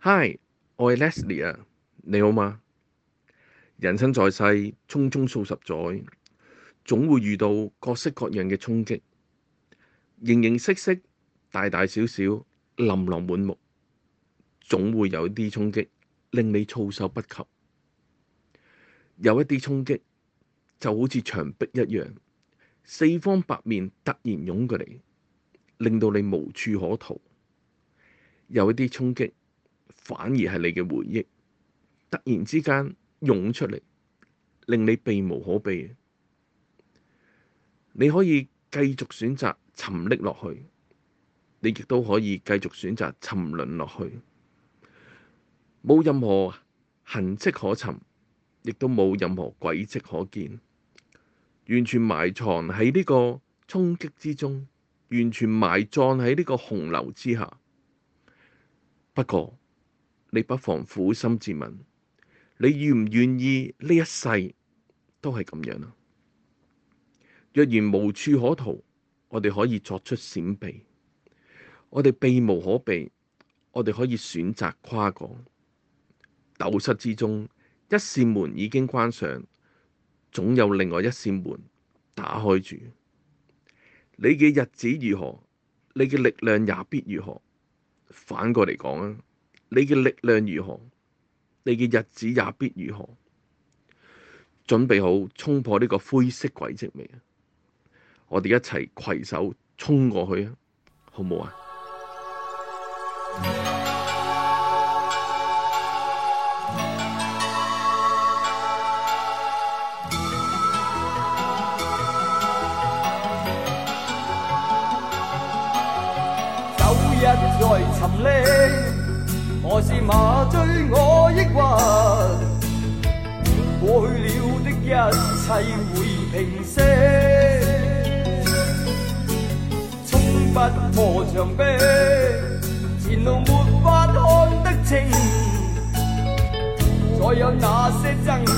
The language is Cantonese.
Hi，我係 Leslie 啊，你好嗎？人生在世，匆匆數十載，總會遇到各式各樣嘅衝擊，形形色色，大大小小，琳琅滿目，總會有啲衝擊令你措手不及。有一啲衝擊就好似牆壁一樣，四方八面突然湧過嚟，令到你無處可逃。有一啲衝擊。反而係你嘅回憶，突然之間湧出嚟，令你避無可避。你可以繼續選擇沉溺落去，你亦都可以繼續選擇沉淪落去，冇任何痕跡可尋，亦都冇任何軌跡可見，完全埋藏喺呢個衝擊之中，完全埋葬喺呢個洪流之下。不過，你不妨苦心自問，你願唔願意呢一世都係咁樣啊？若然無處可逃，我哋可以作出閃避；我哋避無可避，我哋可以選擇跨過。斗室之中，一扇門已經關上，總有另外一扇門打開住。你嘅日子如何，你嘅力量也必如何。反過嚟講啊！你嘅力量如何，你嘅日子也必如何。準備好衝破呢個灰色軌跡未啊？我哋一齊攜手衝過去啊！好唔好啊？酒一再沉溺。何時麻醉我抑鬱。過去了的一切會平息，衝不破牆壁，前路沒法看得清，再有那些爭。